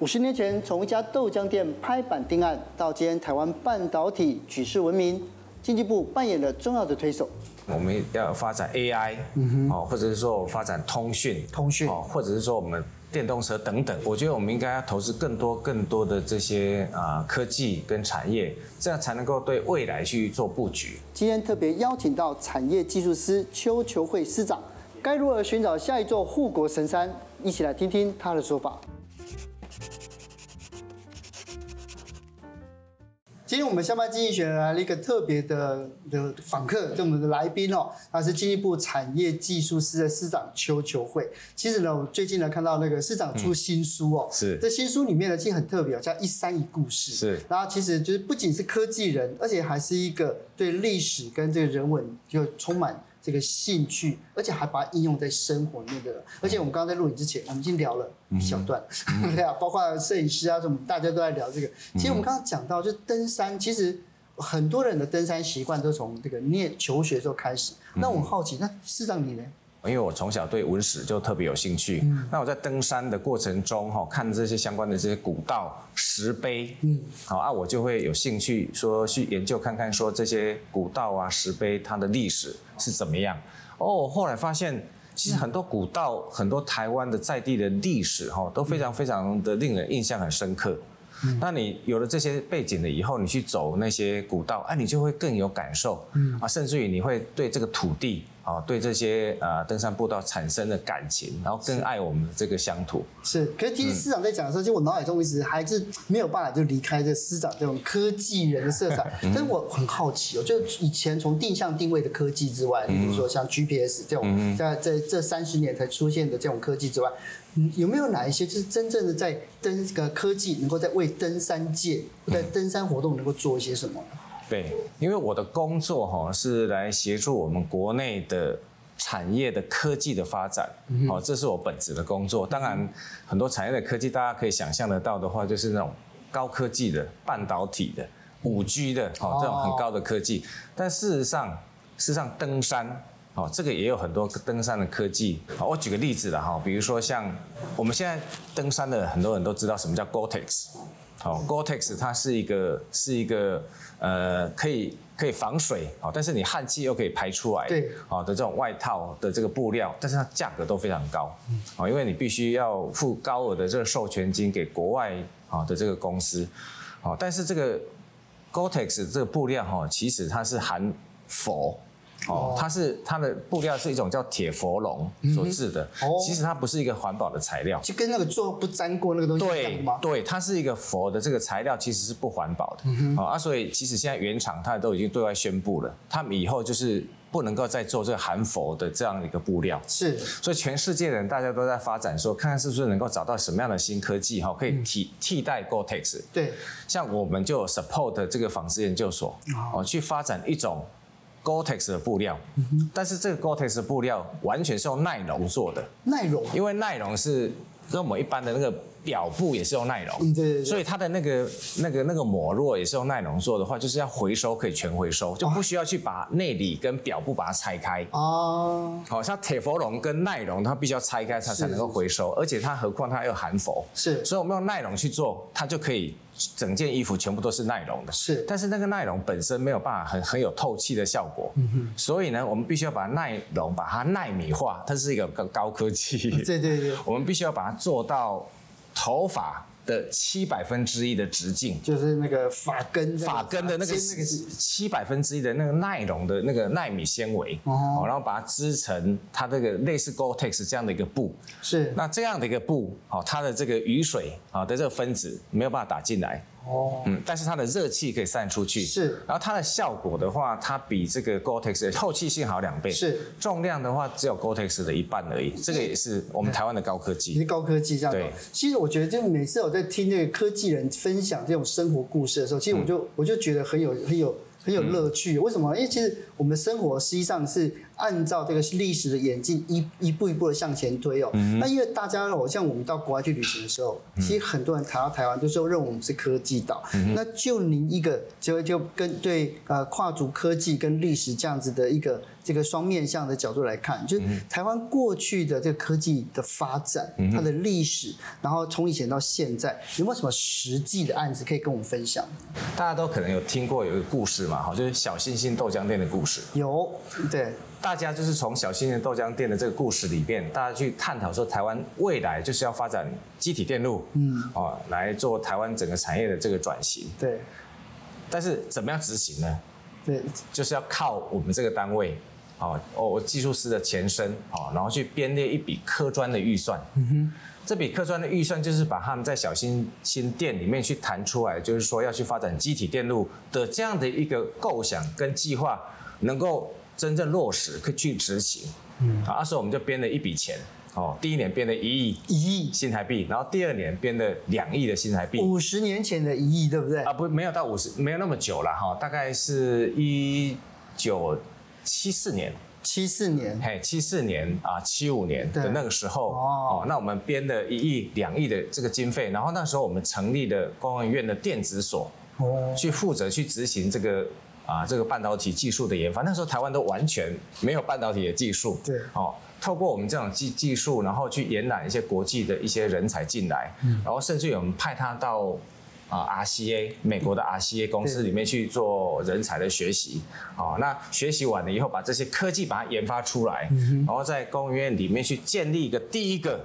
五十年前，從一家豆漿店拍板定案，到今天台灣半導體舉世聞名，經濟部扮演了重要的推手。我們要發展 AI，哦、嗯哼，或者是說發展通訊，通訊訊，或者是說我們電動車等等。我覺得我們應該要投資更多、更多的這些啊、呃、科技跟產業，這樣才能夠對未來去做布局。今天特別邀請到產業技術司邱求慧司長，該如何尋找下一座護國神山？一起來聽聽他的說法。今天我們下班經濟學來了一個特別的的訪客，就我們的來賓哦，他是經濟部產業技術司的司長邱求慧。其實呢，我最近呢看到那個司長出新書哦，嗯、是。這新書裡面呢，其實很特別，叫《一三一故事》。是，然後其實就是不僅是科技人，而且還是一個對歷史跟這個人文就充滿。這個興趣，而且還把它應用在生活裡面的，而且我們剛剛在錄影之前，我們已經聊了一小段，嗯嗯、 對啊，包括攝影師啊什麼，大家都在聊這個。其實我們剛剛講到，就是登山，其實很多人的登山習慣都從這個念求學時候開始。那我很好奇，那司長你呢？因為我從小對文史就特別有興趣，嗯，那我在登山的過程中哈，看這些相關的這些古道、石碑，嗯，好啊，我就會有興趣說去研究看看，說這些古道啊、石碑它的歷史是怎麼樣。哦，我後來發現其實很多古道、是很多台灣的在地的歷史哈，都非常非常的令人印象很深刻。嗯、那你有了這些背景了以後，你去走那些古道，哎、啊，你就會更有感受，嗯啊，甚至於你會對這個土地啊，對這些呃登山步道產生的感情，然後更愛我們的這個鄉土。是，可是聽司長在講的時候，嗯、其實我腦海中一直還是沒有辦法就離開這司長這種科技人的色彩。呵呵但是我很好奇，哦、嗯，就以前從定向定位的科技之外，嗯、比如說像 GPS 這種在在、嗯、這三十年才出現的這種科技之外。有沒有哪一些就是真正的在登個科技，能夠在為登山界，或在登山活動能夠做一些什麼，嗯？對，因為我的工作哈是來協助我們國內的產業的科技的發展，哦、嗯哼，這是我本職的工作。當然，很多產業的科技，大家可以想象得到的話，就是那種高科技的，半導體的，五 G 的，哦，這種很高的科技。哦，但事實上，事實上登山。哦，這個也有很多登山的科技。好，我舉個例子啦哈，比如說像我們現在登山的很多人都知道什麼叫 Gore-Tex。好，Gore-Tex 它是一個是一個呃可以可以防水，好，但是你汗氣又可以排出來，對，好的這種外套的這個布料，但是它價格都非常高，嗯，好，因為你必須要付高額的這個授權金給國外啊的這個公司，好，但是這個 Gore-Tex 這個布料哈，其實它是含氟。Oh. 哦，它是它的布料是一種叫鐵氟龍所製的，mm hmm. oh. 其實它不是一個環保的材料，就跟那個做不粘鍋那個東西一樣嗎對？對，它是一個氟的這個材料其實是不環保的。mm hmm. 哦，啊，所以其實現在原廠它都已經對外宣布了，他們以後就是不能夠再做這個含氟的這樣的一個布料，是，所以全世界人大家都在發展說，說看看是不是能夠找到什麼樣的新科技哈，哦，可以替，嗯，替代 Gore-Tex 對，像我們就有 support 這個紡織研究所，哦，oh. 去發展一種。Gore-Tex 的布料，嗯、哼但是這個 Gore-Tex 的布料完全是用耐龍做的。耐龍瓏，因為耐龍是跟我們一般的那個表布也是用耐龍、嗯，對,對,對，所以它的那個那個那個膜料、那個、也是用耐龍做的話，就是要回收可以全回收，就不需要去把內裡跟表布把它拆開。哦，好、哦、像鐵氟龍跟耐龍，它必須要拆開它才能夠回收，而且它何況它又含氟，是，所以我們用耐龍去做，它就可以。整件衣服全部都是尼龍的，是，但是那個尼龍本身沒有辦法很很有透氣的效果，嗯哼，所以呢，我們必須要把尼龍把它奈米化，它是一個高高科技，嗯，對對對，我們必須要把它做到頭髮。的七百分之一的直徑，就是那個髮根，髮根的那個七百分之一的那個耐溶的那個奈米纖維，哦，然後把它織成它這個類似 Gore-Tex 這樣的一個布，是，那這樣的一個布，哦，它的這個雨水，啊的這個分子沒有辦法打進來。哦，嗯，但是它的熱氣可以散出去，是。然後它的效果的話，它比這個 Gore Tex 的透氣性好兩倍，是。重量的話，只有 Gore Tex 的一半而已。這個也是我們台灣的高科技，嗯嗯、高科技這樣。對。其實我覺得，就每次我在聽這個科技人分享這種生活故事的時候，其實我就、嗯、我就覺得很有很有很有樂趣。嗯、為什麼？因為其實。我們生活實際上是按照這個歷史的演進一一步一步的向前推哦。那因為大家哦，像我們到國外去旅行的時候，其實很多人談到台灣，都說認為我們是科技島。那就您一個，就就跟對呃跨足科技跟歷史這樣子的一個這個雙面向的角度來看，就是台灣過去的這個科技的發展，它的歷史，然後從以前到現在，有沒有什麼實際的案子可以跟我們分享？大家都可能有聽過有一個故事嘛，好，就是小欣欣豆漿店的故有，對，大家就是從小欣欣豆漿店，的這個故事裡邊，大家去探討說，台灣未來就是要發展積體電路，嗯，哦，來做台灣整個產業的這個轉型，對，但是怎麼樣執行呢？對，就是要靠我們這個單位，哦，我技術司的前身，哦，然後去編列一筆科專的預算，嗯哼這筆科專的預算就是把他們在小欣欣店裡面去談出來，就是說要去發展積體電路的這樣的一個構想跟計劃。能夠真正落實去執行，嗯、啊，那時候我們就編了一筆錢，哦，第一年編了一億，一億新台幣，億然後第二年編了兩億的新台幣。五十年前的一億，對不對？啊，不，沒有到五十，沒有那麼久了哈、哦，大概是一九七四年，七四年，嘿，七四年啊，七五年的那個時候，對哦，哦，那我們編了一億、兩億的這個經費，然後那時候我們成立的工研院的電子所，哦，去負責去執行這個。啊，這個半導體技術的研發，那時候台灣都完全沒有半導體的技術，對，哦，透過我們這種技技術，然後去延攬一些國際的一些人才進來，嗯、然後甚至於我們派他到啊 RCA 美國的 RCA 公司裡面去做人才的學習，啊對、哦，那學習完了以後，把這些科技把它研發出來，嗯、哼然後在工研院裡面去建立一個第一個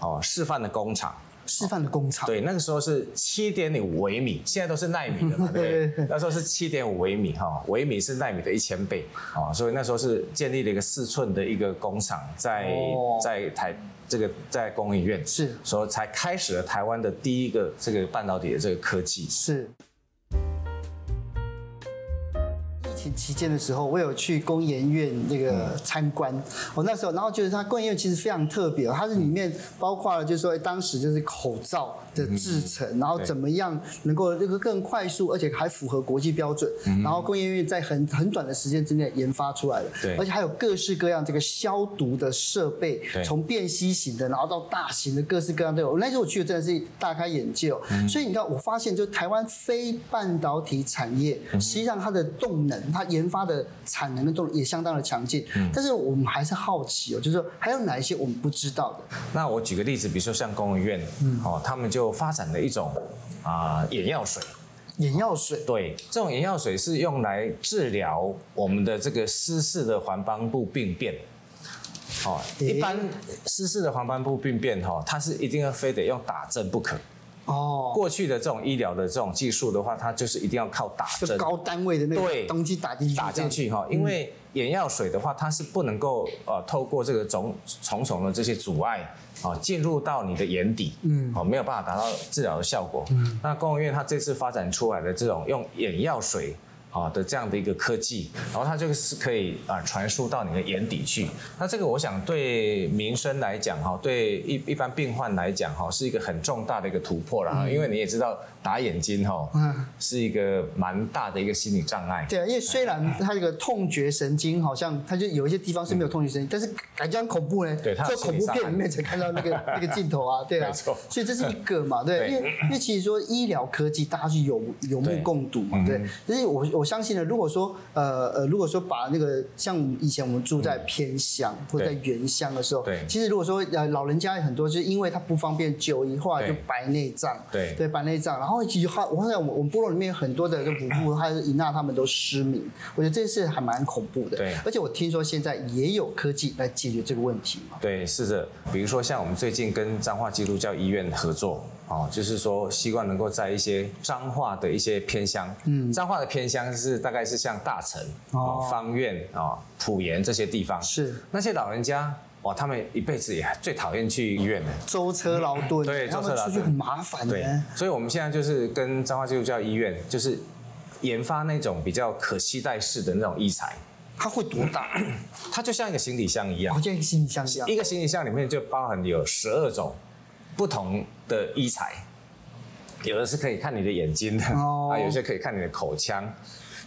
哦示範的工廠。示範的工廠，對，那個時候是七點五微米，現在都是奈米的嘛？ 對，對對。那時候是七點五微米，哈，微米是奈米的一千倍，啊，所以那時候是建立了一個四寸的一個工廠在，在、哦、在台這個在工研院，是，所以才開始了台灣的第一個這個半導體的這個科技，是。期間的時候，我有去工研院那個參觀。嗯、我那時候，然後覺、就、得、是、它工研院其實非常特別，它是裡面包括了，就是說當時就是口罩的製程，嗯嗯、然後怎麼樣能夠這個更快速，而且還符合國際標準。嗯、然後工研院在很很短的時間之內研發出來了，嗯、而且還有各式各樣這個消毒的設備，嗯、從便攜型的，然後到大型的各式各樣都有。嗯、那時候我去的真的是大開眼界哦。嗯、所以你知道，我發現就是台灣非半導體產業，嗯、實際上它的動能，它研發的產能的動力也相當的強勁，嗯、但是我們還是好奇哦、喔，就是說還有哪一些我們不知道的？那我舉個例子，比如說像公立醫院，哦、嗯，他們就發展了一種啊、呃、眼藥水，眼藥水，對，這種眼藥水是用來治療我們的這個濕式的黃斑部病變。哦，一般濕式的黃斑部病變，哈，它是一定要非得用打針不可。哦，過去的這種醫療的這種技術的話，它就是一定要靠打針，就高單位的那個東西對打進去，打進去哈。因為眼藥水的話，它是不能夠、嗯、呃透過這個重重重的這些阻礙啊，進入到你的眼底，嗯、呃，哦，沒有辦法達到治療的效果。嗯、那工研院它這次發展出來的這種用眼藥水。啊的這樣的一個科技，然後它就是可以啊傳輸到你的眼底去。那這個我想對民生來講哈，對一一般病患來講哈，是一個很重大的一個突破啦。然、嗯、因為你也知道打眼睛哈，嗯，是一個蠻大的一個心理障礙。嗯、對啊，因為雖然它這個痛覺神經好像，它就有一些地方是沒有痛覺神經，嗯、但是感覺很恐怖呢，做恐怖片裡面才看到那個 那個鏡頭啊，對啊，錯所以這是一個嘛，對，對因為因為其實說醫療科技大家是有有目共睹嘛，對，嗯、哼對，但是我我。我相信呢，如果說呃呃，如果說把那個像以前我們住在偏鄉、嗯、或者在原鄉的時候，對，其實如果說呃老人家有很多、就是因為他不方便久一話就白內障，對，對，對白內障，然後其實他，我看到我們部落裡面很多的這夫婦，他尹娜他們都失明，我覺得這件事還蠻恐怖的。對，而且我聽說現在也有科技來解決這個問題嘛。對，是的，比如說像我們最近跟彰化基督教醫院合作。哦，就是說，希望能夠在一些彰化的一些偏鄉，嗯，彰化的偏鄉是大概是像大城、哦、哦，芳苑啊埔鹽這些地方，是那些老人家，哇，他們一輩子也最討厭去醫院的，舟、嗯、車勞頓，嗯、對，舟車勞頓，他們出去很麻煩的，對。所以我們現在就是跟彰化基督教醫院，就是研發那種比較可攜帶式的那種醫材，它會多大？它就像一個行李箱一樣，哦、一個行李箱一樣，一個行李箱裡面就包含有十二種不同。的醫材，有的是可以看你的眼睛，啊，oh. 還有一些可以看你的口腔，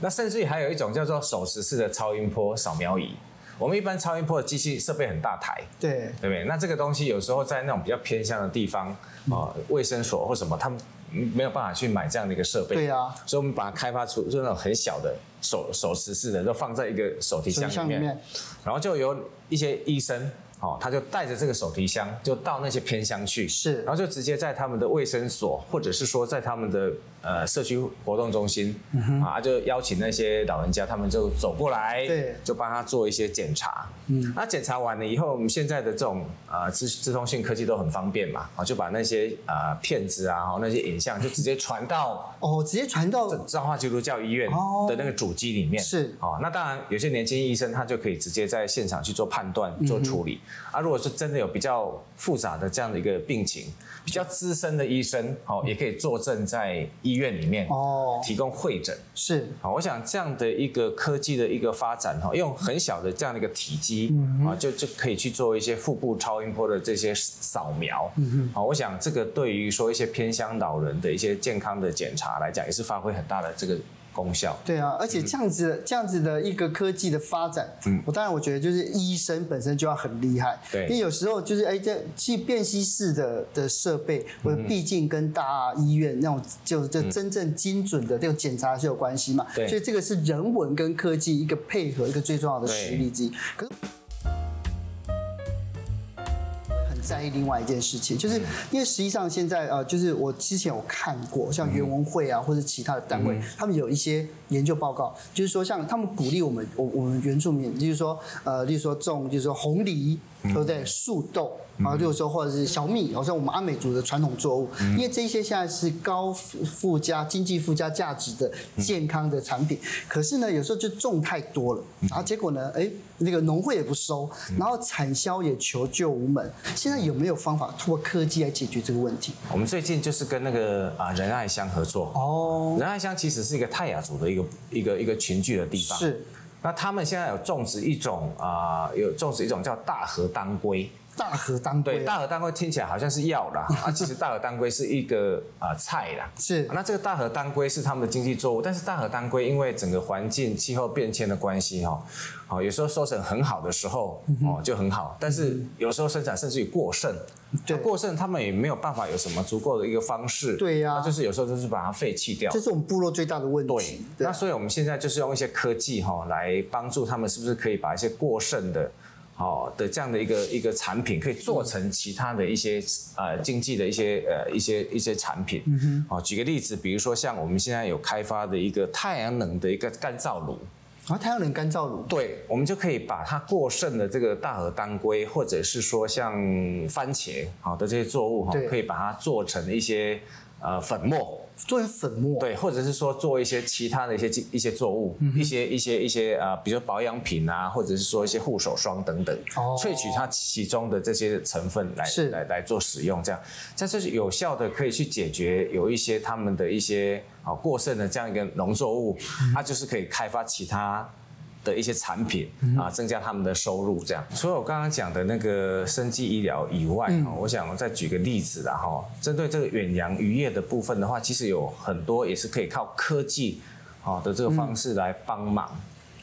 那甚至於還有一種叫做手持式的超音波掃描儀。我們一般超音波的機器設備很大台，對，對不對？那這個東西有時候在那種比較偏鄉的地方，嗯、啊，衛生所或什麼，他們沒有辦法去買這樣的一個設備，對啊，所以我們把它開發出就那種很小的手手持式的，都放在一個手提箱裡面，裡面然後就由一些醫生。哦，他就帶着這個手提箱，就到那些偏鄉去，是，然後就直接在他們的衛生所，或者是說在他們的。呃，社區活動中心，嗯、哼啊，就邀請那些老人家，嗯，他們就走過來，對，就幫他做一些檢查。嗯，那檢查完了以後，我們現在的這種呃，資通訊科技都很方便嘛，就把那些呃片子啊，好，那些影像就直接傳到 哦，直接傳到彰化基督教醫院的那個主機裡面。哦是哦，那當然有些年輕醫生他就可以直接在現場去做判斷，做處理。嗯，哼啊，如果是真的有比較複雜的這樣的一個病情，比較資深的醫生，哦，嗯，也可以坐鎮在醫。院裡面哦，提供會診、哦、是啊，我想這樣的一個科技的一個發展哈，用很小的這樣的一個體積啊，嗯、哼就就可以去做一些腹部超音波的這些掃描，嗯、哼好，我想這個對於說一些偏鄉老人的一些健康的檢查來講，也是發揮很大的這個。功效對啊，而且這樣子的、嗯、這樣子的一個科技的發展，嗯，我當然我覺得就是醫生本身就要很厲害，對因為有時候就是哎、欸，這去便攜式的的設備，我畢、嗯、竟跟大醫院那種就就真正精準的、嗯、這種檢查是有關係嘛，對所以這個是人文跟科技一個配合，一個最重要的實力之一。對在意另外一件事情，就是因為實際上現在呃，就是我之前有看過像原文會啊，或者其他的單位，嗯、他們有一些研究報告，就是說像他們鼓勵我們，我我們原住民，就是說呃，例如說種，就是說紅藜、嗯、都在樹豆。啊，就是、嗯、說，或者是小米，好像我們阿美族的傳統作物，嗯、因為這些現在是高附加、經濟附加價值的健康的產品。嗯、可是呢，有時候就種太多了，嗯、然後結果呢，哎，那個農會也不收，然後產銷也求救無門。嗯、現在有沒有方法通過科技來解決這個問題？我們最近就是跟那個啊仁愛鄉合作哦，仁愛鄉其實是一個泰雅族的一個一個一個,一個群聚的地方。是，那他們現在有種植一種啊、呃，有種植一種叫大和當歸。大和當歸、啊、對，大和當歸聽起來好像是藥啦， 啊，其實大和當歸是一個啊、呃、菜啦。是。那這個大和當歸是他們的經濟作物，但是大和當歸因為整個環境氣候變遷的關係、喔，哈，哦，有時候收成很好的時候，哦、喔，就很好，但是有時候生產甚至於過剩，對、嗯，過剩他們也沒有辦法有什麼足夠的一個方式，對呀，就是有時候就是把它廢棄掉、啊。這是我們部落最大的問題。對。對那所以我們現在就是用一些科技哈、喔、來幫助他們，是不是可以把一些過剩的？哦的這樣的一個一個產品，可以做成其他的一些、嗯、呃經濟的一些呃一些一些產品。嗯哼、哦。舉個例子，比如說像我們現在有開發的一個太陽能的一個乾燥爐。啊，太陽能乾燥爐。對，我們就可以把它過剩的這個大和當歸，或者是說像番茄，好、哦、的這些作物哈對、哦，可以把它做成一些。呃，粉末做成粉末，對，或者是說做一些其他的一些一些作物，嗯、哼一些一些一些啊、呃，比如說保養品啊，或者是說一些護手霜等等，哦、萃取它其中的這些成分來是來來做使用，這樣，這是有效的可以去解決有一些他們的一些啊、呃、過剩的這樣一個農作物，嗯、它就是可以開發其他。的一些產品啊，增加他們的收入，這樣。除了我剛剛講的那個生技醫療以外，哈、嗯，我想再舉個例子，啦。哈，針對這個遠洋漁業的部分的話，其實有很多也是可以靠科技，啊、的這個方式來幫忙。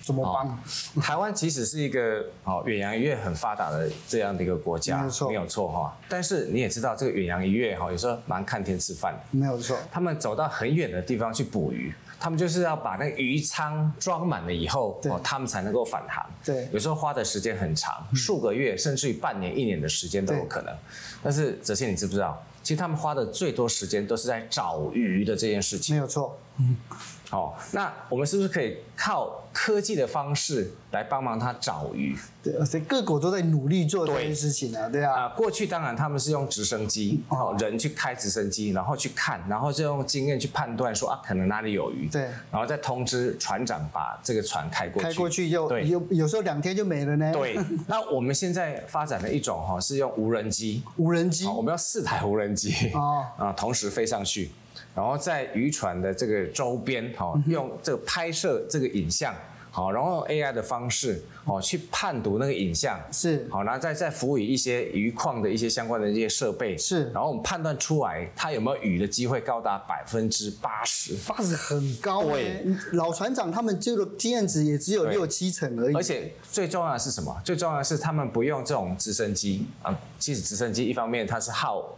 怎、嗯、麼幫、哦？台灣其實是一個哦，遠洋漁業很發達的這樣的一個國家，沒有錯，沒有錯哈。但是你也知道，這個遠洋漁業哈、哦，有時候蠻看天吃飯。沒有錯。他們走到很遠的地方去捕魚。他們就是要把那個魚倉裝滿了以後對、哦，他們才能夠返航。對，有時候花的時間很長，數對個月、嗯、甚至於半年、一年的時間都有可能。對但是澤憲，哲你知不知道，其實他們花的最多時間都是在找魚的這件事情？沒有錯，嗯。哦，那我們是不是可以靠科技的方式來幫忙他找魚？對，各國都在努力做這件事情啊，對，對啊、呃。過去當然他們是用直升機，哦，人去開直升機，然後去看，然後就用經驗去判斷說啊，可能哪裡有魚。對。然後再通知船長把這個船開過去。開過去又，對有有時候兩天就沒了呢。對。 那我們現在發展的一種哈、哦、是用無人機。無人機。我們要四台無人機。哦。啊、哦，同時飛上去。然後在漁船的這個周邊、哦，好、嗯、哼用這個拍攝這個影像，好，然後用 AI 的方式、哦，好去判讀那個影像，是好，然後再再輔以一些漁礦的一些相關的一些設備，是，然後我們判斷出來它有沒有魚的機會，高達百分之八十，八十很高哎、欸，對老船長他們這個經驗值也只有六七成而已。而且最重要的是什麼？最重要的是他們不用這種直升機啊、嗯，其實直升機一方面它是耗。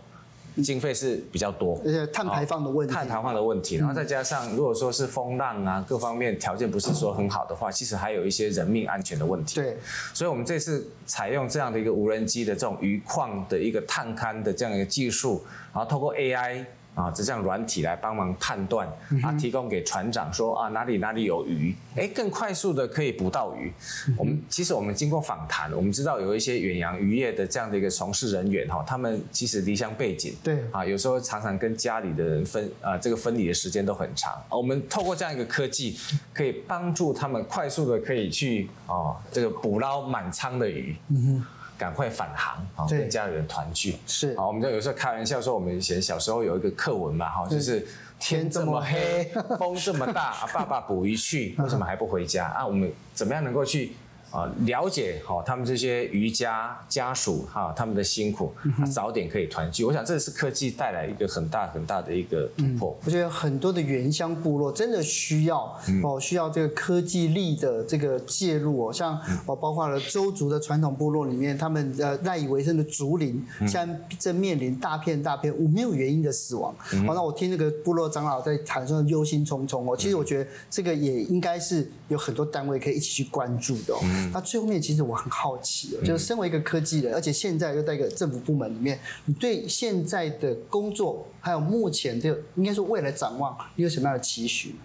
經費是比較多，而且碳排放的問題，碳排放的問題，然後再加上如果說是風浪啊，各方面條件不是說很好的話，其實還有一些人命安全的問題。對，所以我們這次採用這樣的一個無人機的這種魚礦的一個探勘的這樣一個技術，然後透過 AI。啊，只這樣軟體來幫忙判斷，啊，提供給船長說啊，哪裡哪裡有魚，哎，更快速的可以捕到魚。嗯、哼我們其實我們經過訪談，我們知道有一些遠洋漁業的這樣的一個從事人員哈、哦，他們其實離鄉背景，對，啊，有時候常常跟家裡的人分啊，這個分離的時間都很長。我們透過這樣一個科技，可以幫助他們快速的可以去啊、哦，這個捕撈滿艙的魚。嗯哼。趕快返航啊，對跟家人團聚是啊。我們就有時候開玩笑說，我們以前小時候有一個課文嘛，哈是，就是天這麼黑，風這麼大， 啊、爸爸捕魚去， 為什麼還不回家啊？我們怎麼樣能夠去？啊，了解，哈、哦，他們這些漁家家屬哈、啊，他們的辛苦，嗯哼啊、早點可以團聚。我想，這是科技帶來一個很大很大的一個突破。嗯、我覺得很多的原鄉部落真的需要、嗯、哦，需要這個科技力的這個介入哦。像、嗯、哦，包括了鄒族的傳統部落裡面，他們的呃賴以為生的竹林，嗯、現在正面臨大片大片、哦、沒有原因的死亡。好、嗯哼哦，那我聽這個部落長老在談說憂心忡忡哦。其實我覺得這個也應該是有很多單位可以一起去關注的、哦。嗯那、嗯啊、最後面其實我很好奇，就是身為一個科技人，嗯、而且現在又在一個政府部門裡面，你對現在的工作，還有目前的，應該說未來展望，你有什麼樣的期許？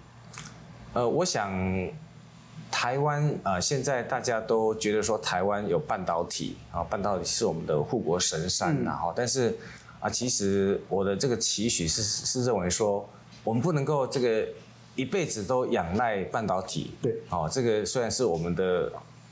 呃，我想台灣啊、呃，現在大家都覺得說台灣有半導體啊、哦，半導體是我們的護國神山，嗯、然後但是啊、呃，其實我的這個期許是是認為說，我們不能夠這個一輩子都仰賴半導體，對，哦，這個雖然是我們的。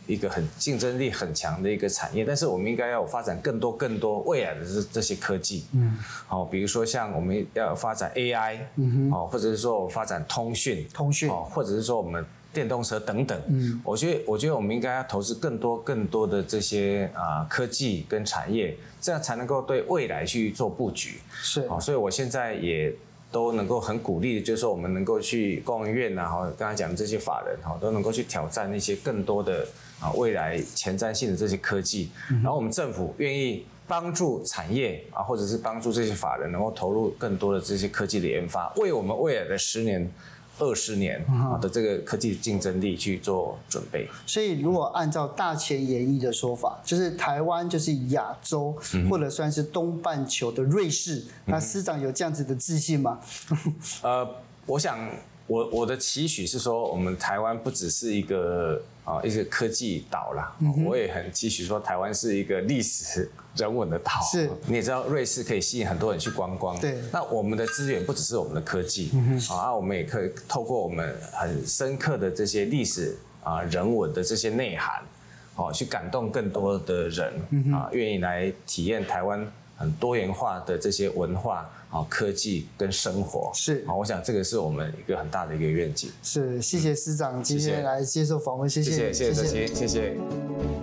一個很競爭力很強的一個產業，但是我們應該要有發展更多更多未來的這這些科技，嗯，好、哦，比如說像我們要發展 AI，嗯哼，或者是說發展通訊，通訊，或者是說我們電動車等等，嗯，我覺得我覺得我們應該要投資更多更多的這些啊、呃、科技跟產業，這樣才能夠對未來去做布局，是、哦，所以我現在也。都能夠很鼓勵的，就是說我們能夠去供務院吶、啊，哈、哦，剛才講的這些法人哈、哦，都能夠去挑戰那些更多的啊未來前瞻性的這些科技，嗯、哼然後我們政府願意幫助產業啊，或者是幫助這些法人能夠投入更多的這些科技的研發，為我們未來的十年。二十年的這個科技競爭力去做準備。uh huh. 所以如果按照大前研一的說法，就是台灣就是亞洲或者算是東半球的瑞士，uh huh. 那司長有這樣子的自信嗎？ uh, 我想我我的期許是說，我們台灣不只是一個。啊，一個科技島啦。嗯、哼我也很期許說，台灣是一個歷史人文的島。是，你也知道，瑞士可以吸引很多人去觀光。對，那我們的資源不只是我們的科技，嗯、哼啊，我們也可以透過我們很深刻的這些歷史啊、人文的這些內涵，好、啊、去感動更多的人、嗯、哼啊，願意來體驗台灣。很多元化的這些文化啊，科技跟生活。是啊，我想這個是我們一個很大的一個願景。是，謝謝司長、嗯、今天來接受訪問，謝謝，謝謝謝齊，謝謝。